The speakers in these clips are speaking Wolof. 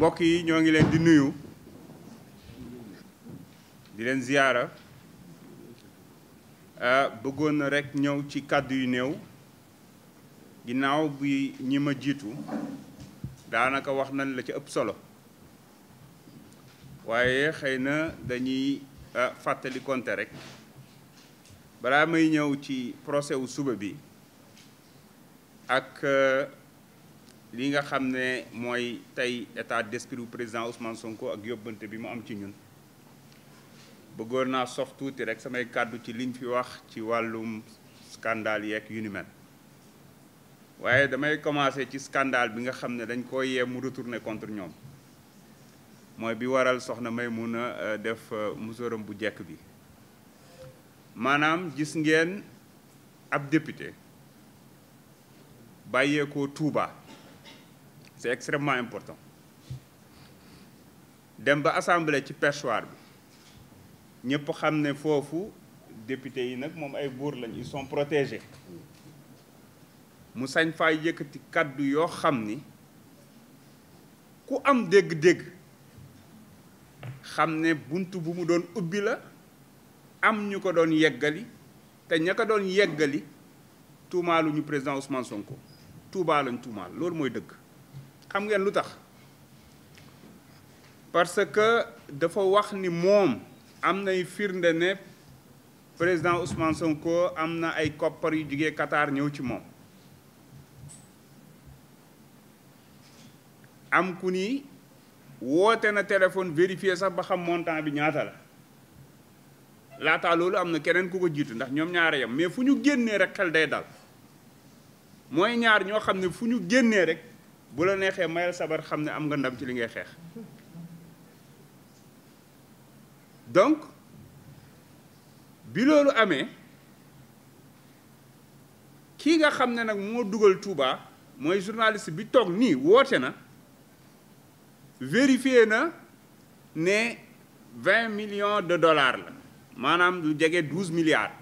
mbokk yi ñoo ngi leen di nuyu di leen ziyaara ah, bëggoon na rekk ñëw ci kàddu yu néew ginnaaw bi ñi ma jiitu daanaka wax nañ la ci ëpp solo waaye xëy na dañuy ah, fàttali konte rekk balaa may ñëw ci procès wu suba bi ak ah, li nga xam ne mooy tey état d'esprit président Ousmane Sonko ak yóbbante bi mu am ci ñun bëggoon naa sox tuuti rek samay kàddu ci liñ fi wax ci wàllum scandale yeeg yu ni mel waaye damay commencer ci scandale bi nga xam ne dañ koo yee mu retourner contre ñoom mooy bi waral soxna may mun a euh, def euh, musóoram bu jekk bi maanaam gis ngeen ab député bàyyeekoo Touba. c'est extrêmement important dem ba assemblée ci perchoir bi ñëpp xam ne foofu député yi nag moom ay buur lañ ils sont protégés mu sañ faa yëkkati kàddu yoo xam ni ku am dégg-dégg xam ne bunt bu mu doon ubbi la am ñu ko doon yeggali te ña ko doon yeggali ñu président Ousmane Sonko tuubaa lañ tuumaal loolu mooy dëgg xam ngeen lu tax parce que dafa wax ni moom am nay firnde ne président Ousmane Sonko am na ay koppar yu jugee Qatar ñëw ci moom am ku ni woote na téléphone vérifier sax ba xam montant bi ñaata la laataa loolu am na keneen ku ko jiitu ndax ñoom ñaar yam mais fu ñu génnee rek xel day dal mooy ñaar ñoo xam ne fu ñu génnee rek bu la neexee mayal sabar xam ne am nga ndam ci li ngay xeex donc bi loolu amee kii nga xam ne nag moo dugal Touba mooy journaliste bi toog nii woote na vérifié na ne vingt million de dollars la maanaam lu jege douze milliards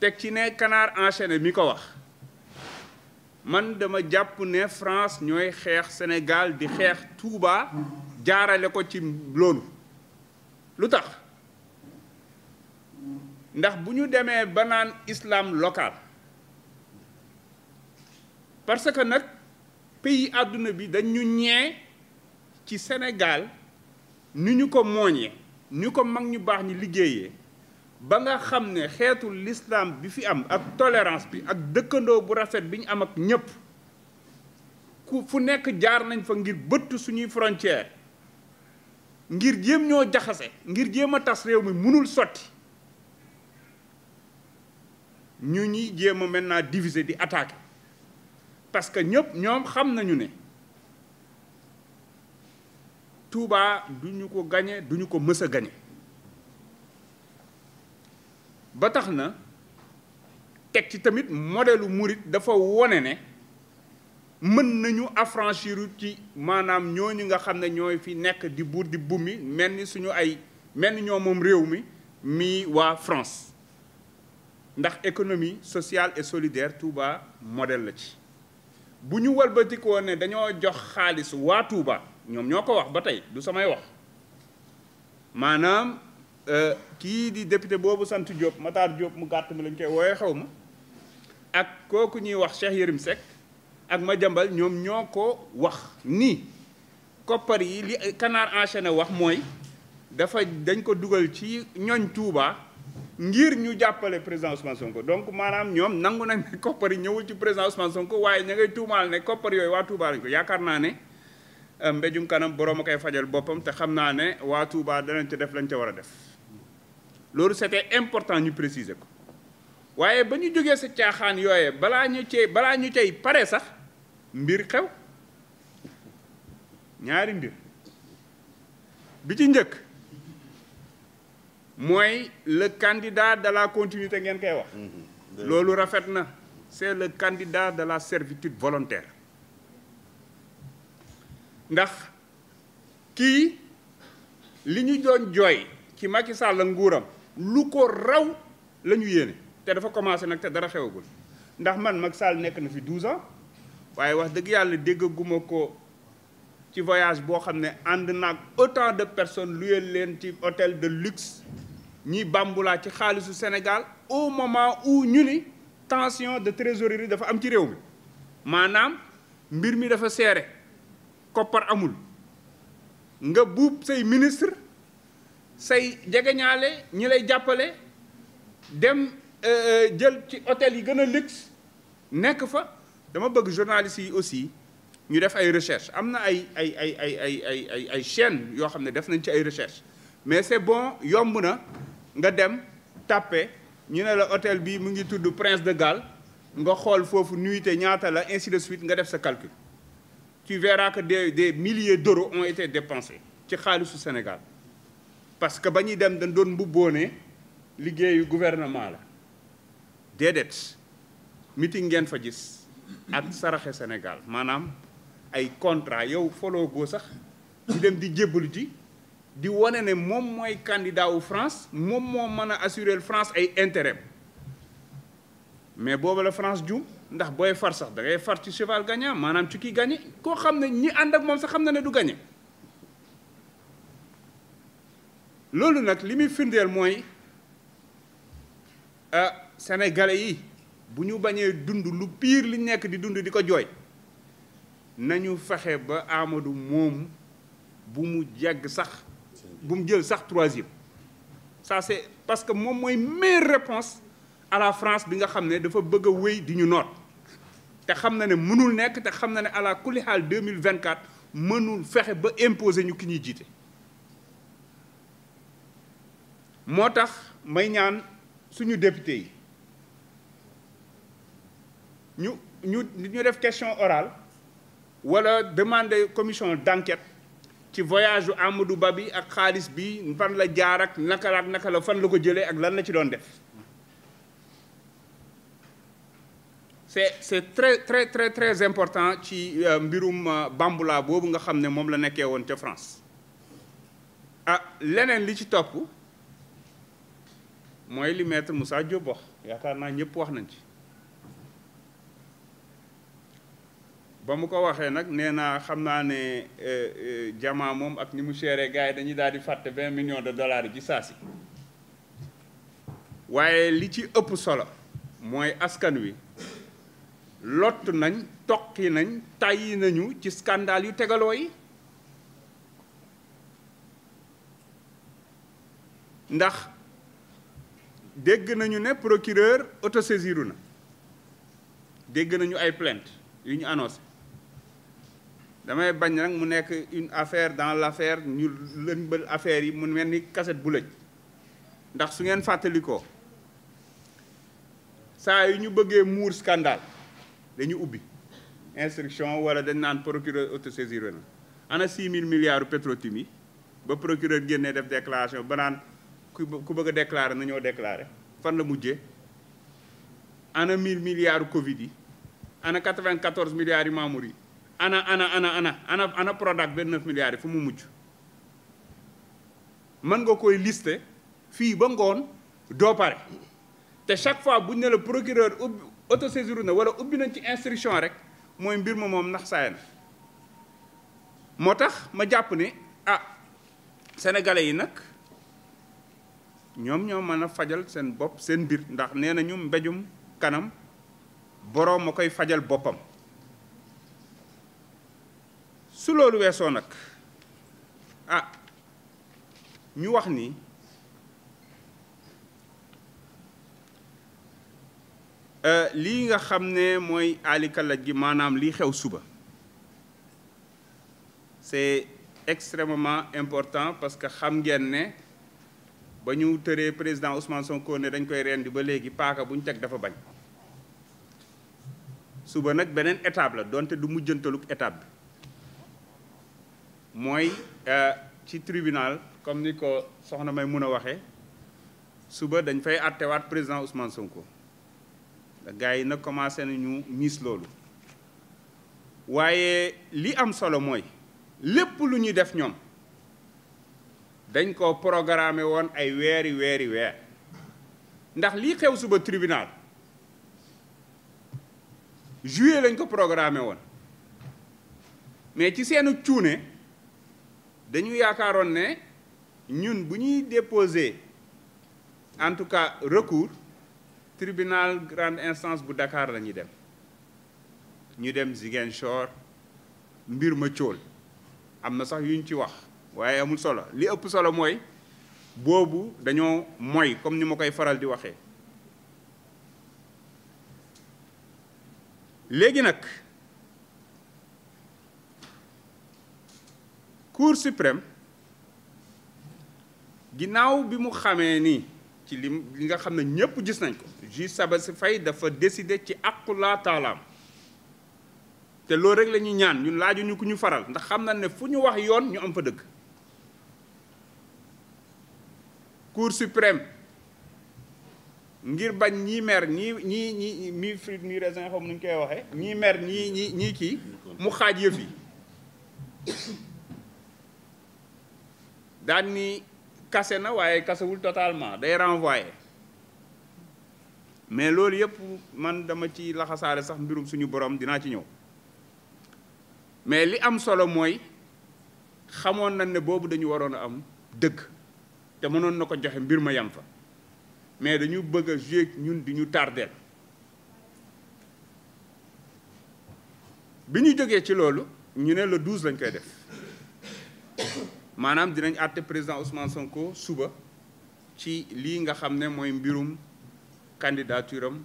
teg ci ne Canard enchaîné mi ko wax man dama jàpp ne France ñooy xeex Sénégal di xeex Touba jaarale ko ci loolu lu tax ndax bu ñu demee ba naan islam local parce que nag pays àdduna bi dañu ñee ci Sénégal ni ñu ko mooñee ñu ko mag ñu baax ñi liggéeyee ba nga xam ne xeetu lislaam bi fi am ak tolerance bi ak dëkkandoo bu rafet bi ñu am ak ñëpp ku fu nekk jaar nañ fa ngir bëtt suñuy frontière ngir jéem ñoo jaxase ngir jéem a tas réew mi mënul sotti ñu ñuy jéem a maintenant diviser di attaquer parce que ñëpp ñoom xam nañu ne Touba duñu ko gañe duñu ko mës a gañe ba tax na teg ci tamit modelu murit dafa wone ne mën nañu affranchir ci maanaam ñoo ñooñu nga xam ne ñooy fi nekk di buur di bumi mel ni suñu ay mel ni ñoo moom réew mi mii waa France ndax économie sociale et solidaire Touba model la ci bu ñu walbatikoo ne dañoo jox xaalis waa Touba ñoom ñoo ko wax ba tey du samay wax maanaam Euh, kii di député boobu sant Diop Matar Diop mu gàtt mi lañ koy wooyee xaw ma ak kooku ñuy wax Cheikh Yérim Seck ak ma jambal ñoom ñoo ko wax ni koppar yi li Canard enchaîné wax mooy dafa dañ ko dugal ci ñooñ Touba ngir ñu jàppale président Ousmane Sonko donc maanaam ñoom nangu nañ ne koppar yi ñëwul ci président Ousmane Sonko waaye ña ngay tuumaal ne koppar yooyu waa Touba lañ ko yaakaar naa ne euh, mbéjum kanam borom a koy fajal boppam te xam naa ne waa danañ ca def lañ ca war a def. loolu c'était important ñu préciser ko waaye ba ñu jógee sa caaxaan yooye balaa ñu cey balaa ñu cey pare sax mbir xew ñaari mbir bi ci njëkk mooy le candidat de la continuité ngeen koy wax mhm. loolu rafet na c'est le candidat de la servitude volontaire ndax kii li ñu doon jooy ci Macky Sall la nguuram lu ko raw la ñu yéene te dafa commencé nag te dara xewagul ndax man mag Sall nekk na fi 12 ans waaye wax dëgg yàlla déggaguma ko ci voyage boo xam ne ànd naag autant de personnes luyee leen ci hôtel de luxe ñi bàmbulaa ci xaalisu Sénégal au moment où ñu ni tension de trésorerie dafa am ci réew mi maanaam mbir mi dafa seere koppar amul nga buub say ministre say jegeñaale ñi lay jàppale dem euh, euh, jël ci hôtel yi gën a luxe nekk fa dama bëgg journalistes yi aussi ñu def ay recherche am na ay ay ay ay ay ay ay ay chaîne yoo xam ne def nañ ci ay recherche mais c'est bon yomb na nga dem tàppe ñu ne la hôtel bi mu ngi tudd Prince de Galles nga xool foofu nuitée ñaata la ainsi de suite nga def sa calcul tu verras que des des milliers d'euros ont été dépensés ci xaalisu Sénégal parce que ba ñuy dem dañ doon mbubboo ne liggéeyu gouvernement la déedéet meeting ngeen fa gis ak saraxe Sénégal maanaam ay contrat yow foloo sax ñu dem di jébbalu ji di wane ne moom mooy candidat France moom moo mën a assurer France ay intérêt mais booba la France jum ndax booy far sax da far ci cheval gagnant maanaam ci kii gagné koo xam ne ñi ànd ak moom sax xam na ne du gagné. loolu nag li muy firndeel mooy ah sénégalais yi bu ñu bañee dund lu piir li nekk di dund di ko jooy nañu fexe ba Amadou moom bu mu jegg sax bu mu jël sax troisième ça c'est parce que moom mooy meilleure réponse à la France bi nga xam ne dafa bëgg a wéy di ñu noot te xam na ne mënul nekk te xam na ne à la kulli xaal 2024 mënul fexe ba imposer ñu ki ñuy jiite moo tax may ñaan suñu député yi ñu ñu ñu def question orale wala demander commission d'enquête ci voyage u Amadou Ba bi ak xaalis bi fan la jaar ak naka la naka la fan la ko jëlee ak lan la ci doon def c'est c'est très très très très important ci euh, mbirum euh, Bamboula boobu nga xam ne moom la nekkee woon ca France ah leneen li ci topp mooy li mu Moussa Diop wax yaakaar naa ñëpp wax nañ ci ba mu ko waxee nag nee naa xam naa ne euh, euh, jamaa moom ak ni mu chéré gars yi dañuy daal di fàtte vingt millions de dollars yi ci saa si waaye li ci ëpp solo mooy askan wi lott nañ toqi nañ tàyyi nañu ci scandale yu tegaloo yi ndax dégg nañu ne procureur autosaisiru na dégg nañu ay plainte yu ñu annoncé damay bañ nag mu nekk une affaire dans l' affaire ñu lëmbal affaire yi mu mel ni cassette bu lëj ndax su ngeen fàttalikoo saa yu ñu bëggee muur scandale dañu ubbi instruction wala dañ naan procureur autosaisiru na ana 6 000 milliards ba procureur génnee def déclaration ba naan ku bëgg a déclarer na ñoo fan la mujje ana 1000 milliards Covid yi ana 94 milliards yu Mamour yi ana ana ana ana ana ana Prodac 29 milliards yi fu mu mujj mën nga koy liste fii ba ngoon doo pare te chaque fois buñ ne la procureur ubbi autosaisir na wala ubbi nañ ci instruction rek mooy mbir ma moom ndax saay na moo tax ma jàpp ne ah sénégalais yi nag. ñoom ñoo mën a fajal seen bopp seen mbir ndax nee nañu mbéjum kanam boroom a koy fajal boppam su loolu weesoo nag ah ñu wax ni euh, lii nga xam ne mooy alikalaj gi maanaam lii xew suba c'est extrêmement important parce que xam ngeen ne ba ñu tëree président Ousmane Sonko ne dañ koy rendi ba léegi paaka buñ teg dafa bañ suba nag beneen étape la donte du mujjantaluk étape bi mooy euh, ci tribunal comme ni ko soxna may mun a waxee suba dañ fay àttewaat président Ousmane Sonko gars yi nag commencé nañu miis loolu waaye li am solo mooy lépp lu ñuy def ñoom dañ ko programme woon ay weeri weeri weer ndax lii xew suba tribunal juillet lañ ko programme woon mais ci seenu cuune dañu yaakaaroon ne ñun bu ñuy déposé en tout cas recours tribunal grand instance bu Dakar la ñuy dem ñu dem Ziguinchor mbir ma cóol am na sax yuñ ci wax waaye amul solo li ëpp solo mooy boobu dañoo moy comme ni ma koy faral di waxee léegi nag cour suprême ginnaaw bi mu xamee ni ci li li nga xam ne ñépp gis nañ ko juge si fay dafa décider ci àqu laa te loolu rek lañuy ñuy ñaan ñun laajuñu ku ñu faral ndax xam na ne fu ñu wax yoon ñu am fa dëgg cour suprême ngir bañ ñii mer ñii ñii ñii mii mii raisin xaw nu ñu koy waxee ñii mer ñii ñii ñii kii mu xaaj yëf yi daan ni kase na waaye kasewul totalement day renvoyé mais loolu yëpp man dama ci laxasaale sax mbirum suñu borom dinaa ci ñëw mais li am solo mooy xamoon nañ ne boobu dañu waroon a am dëkk te mënoon na ko joxe mbir ma yam fa mais dañu bëgg a jouer ñun di ñu tardeel bi ñu jógee ci loolu ñu ne la 12 lañ koy def maanaam dinañ àtte président Ousmane Sonko suba ci lii nga xam ne mooy mbirum candidature am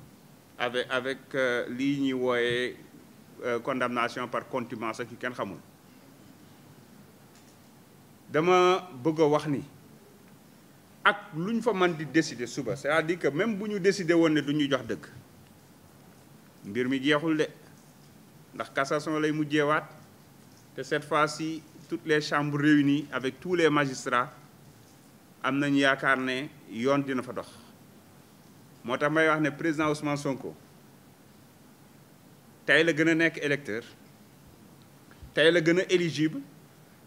avec avec euh, lii ñuy wooyee euh, condamnation par contumace ak yu kenn xamul dama bëgg wax ni ak lu ñu fa mën di décider suba c'est-à-dire que même bu ñu décider woon ne du ñu jox dëgg mbir mi jeexul de ndax cassation lay mujjeewaat te cette fois-ci toutes les chambres réunies avec tous les magistrats am nañu yaakaar ne yoon dina fa dox moo tax may wax ne président Ousmane Sonko tey la gën a nekk électeur tey la gën a éligible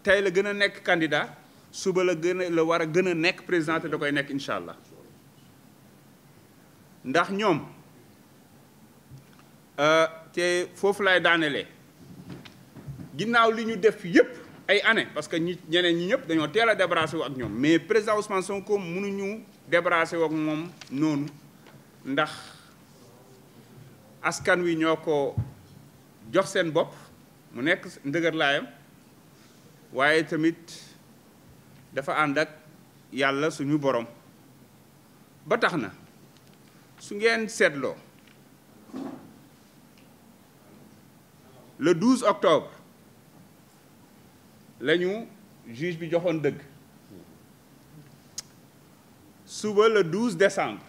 tey la gën a nekk candidat suba la gën a la war a gën a nekk président te da koy nekk incha allah ndax ñoom euh, te foofu lay daanelee ginnaaw li ñu def yépp ay année parce que ñi ñeneen ñi ñëpp dañoo teel a débarrassé wu ak ñoom mais président Ousmane Sonko mënuñu débarrassé wu ak moom noonu ndax askan wi ñoo ko jox seen bopp mu nekk ndëgër waaye tamit. dafa ànd ak yàlla suñu borom ba tax na su ngeen seetloo le 12 octobre lañu ñu bi joxoon dëgg suba le 12 décembre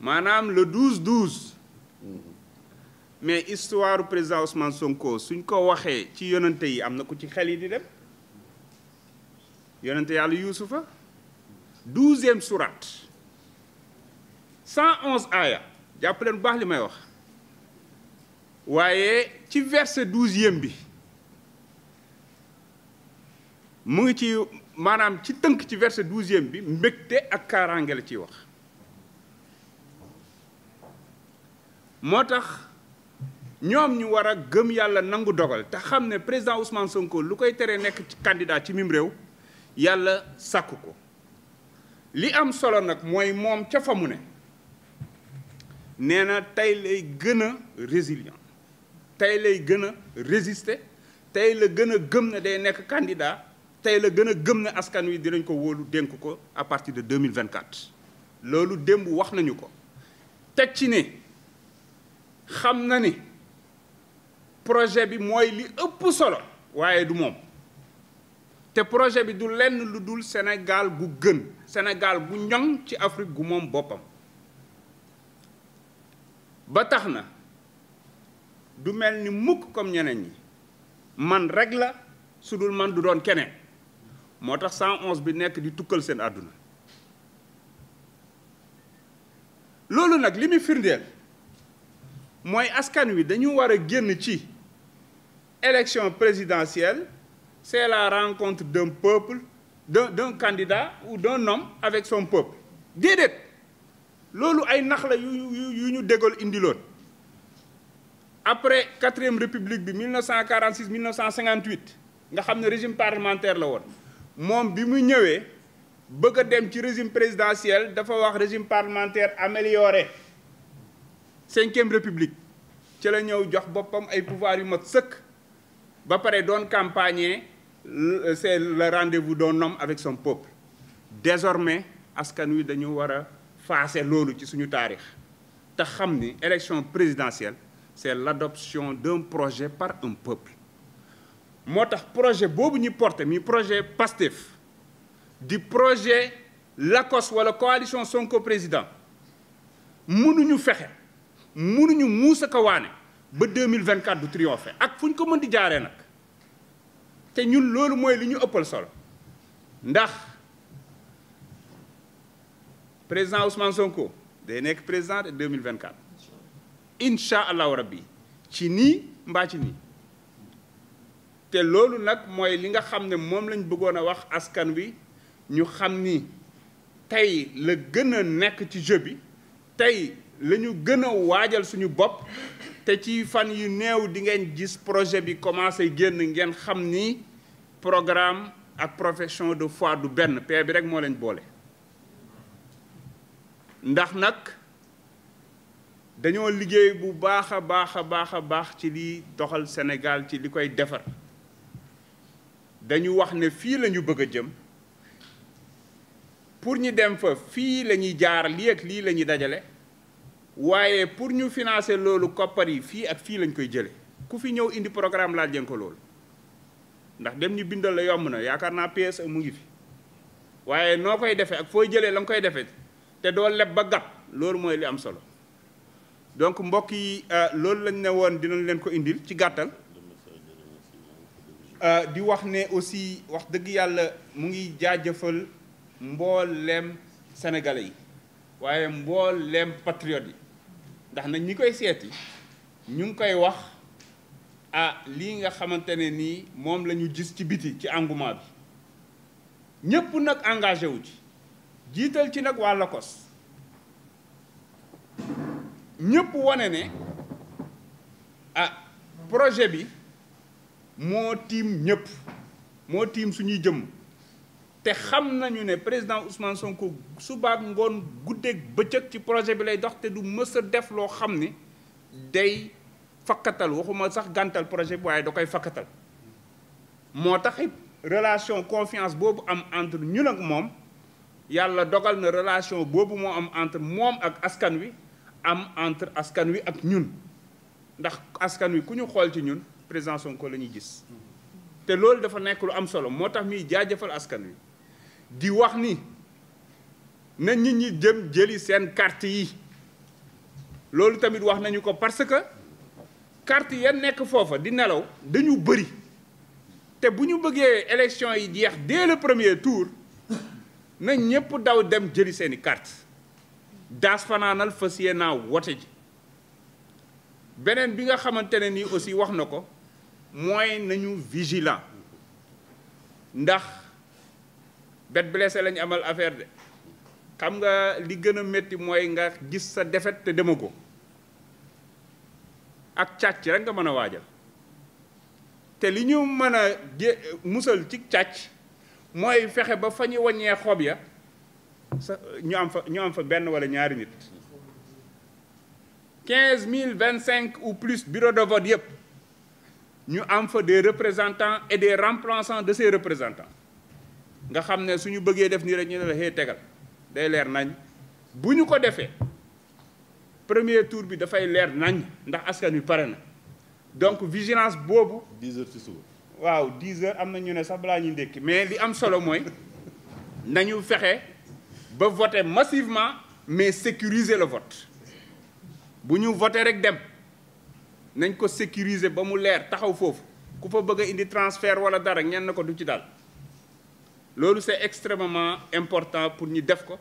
maanaam le 12 12 mais histoire président Ousmane Sonko suñ ko waxee ci yonante yi am na ko ci xel yi di dem. yonente yàlla yuusufa douzième sourate cent onze aaya jàpp leen baax li may wax waaye ci verset douzième bi mu ngi ci maanaam ci tënk ci verset douzième bi mbégte ak kaaraange la ciy wax moo tax ñoom ñu war a gëm yàlla nangu dogal te xam ne président Ousmane Sonko lu koy teree nekk ci candidat ci mim réew yàlla sàkk ko li am solo nag mooy moom ca fa mu ne nee na tey lay gën a résilient tey lay gën a résister tey la gën a gëm ne day nekk candidat tey la gën a gëm na askan wi dinañ ko wóolu dénk ko à partir de 2024 loolu démb wax nañu ko teg ci ne xam na ni projet bi mooy li ëpp solo waaye du moom te projet bi du lenn lu dul Sénégal gu gën Sénégal gu ñoŋ ci Afrique gu moom boppam ba tax na du mel ni mukk comme ñeneen yi man rekk la su dul man du doon keneen moo tax 111 bi nekk di tukkal seen àdduna loolu nag li firndeel mooy askan wi dañu war a génn ci élection présidentielle c'est la rencontre d'un peuple d'un candidat ou d'un homme avec son peuple déedéet loolu ay nax la yu yu ñu dégal indiloon après quatrième république bi 1946 1958 nga xam ne régime parlementaire la woon moom bi mu ñëwee bëgg a dem ci régime présidentiel dafa wax régime parlementaire amélioré cinquième république ci la ñëw jox boppam ay pouvoir yu mag sëkk ba pare doon campagne Euh, c'est le rendez-vous nom homme avec son peuple désormais askan wi dañu war a faase loolu ci suñu taarix te xam ni élection présidentielle c'est l'adoption d'un projet par un peuple moo tax projet boobu ñu porté mi projet PASTEF di projet LACOS wala coalition Sonko président mënuñu fexe mënuñu muus a ko waane ba 2024 du triomphe ak fu ñu ko mën di jaaree nag te ñun loolu mooy li ñu ëppal sol ndax président Ousmane Sonko day nekk président de 2024 incha allahu rabbi ci nii mbaa ci nii te loolu nag mooy li nga xam ne moom lañ bëggoon a wax askan wi ñu xam ni tey la gën a nekk ci jeu bi tey la ñu gën a waajal suñu bopp te ci fan yu néew di ngeen gis projet bi commencé génn ngeen xam ni programme ak profession de fois du benn paix bi rek moo leen boole ndax nag dañoo liggéey bu baax a baax a baax a baax ci liy doxal Sénégal ci li koy defar dañu wax ne fii lañu bëgg a jëm pour ñu dem fa fii la ñuy jaar lii ak lii la ñuy dajale waaye pour ñu financer loolu koppar yi fii ak fii lañ koy jële ku fi ñëw indi programme laaj leen ko loolu ndax dem ñu bindal la yomb na yaakaar naa PSE mu ngi fi waaye noo koy defee ak foo jëlee la nga koy defee te doo leb ba gàtt loolu mooy li am solo donc mbokk yi euh, loolu lañ ne woon dinañ leen ko indil ci gàttal euh, di wax ne aussi wax dëgg yàlla mu ngi jaajëfal mbooleem sénégalais yi waaye mbooleem patriotes yi ndax nañ ñi koy seeti ñu ngi koy wax ah lii nga xamante ne nii moom la ñu gis ci biti ci engouement bi ñépp nag engagé wu ci jiital ci nag waa Lacos ñépp wane ne ah projet bi moo tiim ñépp moo tiim suñuy jëm te xam nañu ne président Ousmane Sonko subaak ngoon guddeeg bëccëg ci projet bi lay dox te du mës a def loo xam ni day fakkatal waxuma sax gantal projet bi waaye da koy fakkatal moo tax it relation confiance boobu am entre ñun ak moom yàlla dogal na relation boobu moo am entre moom ak askan wi am entre askan wi ak ñun ndax askan wi ku ñu xool ci ñun président Sonko la ñuy gis te loolu dafa nekk lu am solo moo tax muy jaajëfal askan wi di wax ni na ñi ñi jëm jëli seen carte yi loolu tamit wax nañu ko parce que carte ya nekk foofa di nelaw dañu bëri te bu ñu bëggee élection yi jeex dès le premier tour na ñëpp daw dem jëli seeni carte daas fanaanal fas yéene naa wote ji beneen bi nga xamante ne nii aussi wax na ko mooy nañu vigilant ndax bête blessée lañu amal affaire de xam nga li gën a métti mooy nga gis sa défaite te dema ko ak càcc rek nga mën a waajal te li ñu mën a gé musal ci càcc mooy fexe ba fa ñu waññee xob ya sa ñu am fa ñu am fa benn wala ñaari nit quinze mille vingt cinq ou plus bureau de vote yëpp ñu am fa des représentants et des remplaçants de ces représentants nga xam ne ñu bëggee def nii rek ñu ne la xëy tegal day leer nañ bu ñu ko defee premier tour bi dafay leer nañ ndax askan wi pare na donc vigilance boobu. 10 waaw 10 heures am na ñu ne sax balaa ñuy ndékki mais li am solo mooy nañu fexe ba voter massivement mais sécuriser la vote bu ñu voter rek dem nañ ko sécuriser ba mu leer taxaw foofu ku fa bëgg indi transfert wala dara ñenn ko du ci daal loolu c'est extrêmement important pour ñu def ko.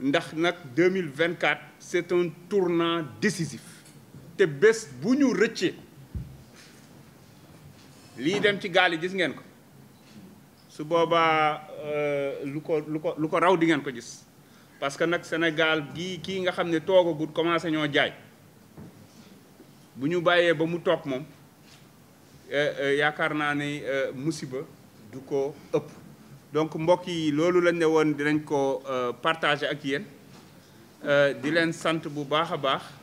ndax nag 2024 c'est un tournant décisif te bés bu ñu rëccee lii dem ci gaal yi gis ngeen ko su boobaa euh, lu ko lu ko lu ko raw di ngeen ko gis parce que nag Sénégal gii kii nga xam ne toogagut commencé ñoo jaay bu ñu bàyyee ba mu toog moom euh, euh, yaakaar naa ni musiba du ko ëpp donc mbokk yi loolu lañ ne woon dinañ ko euh, partager ak yéen euh, di leen sant bu baax a baax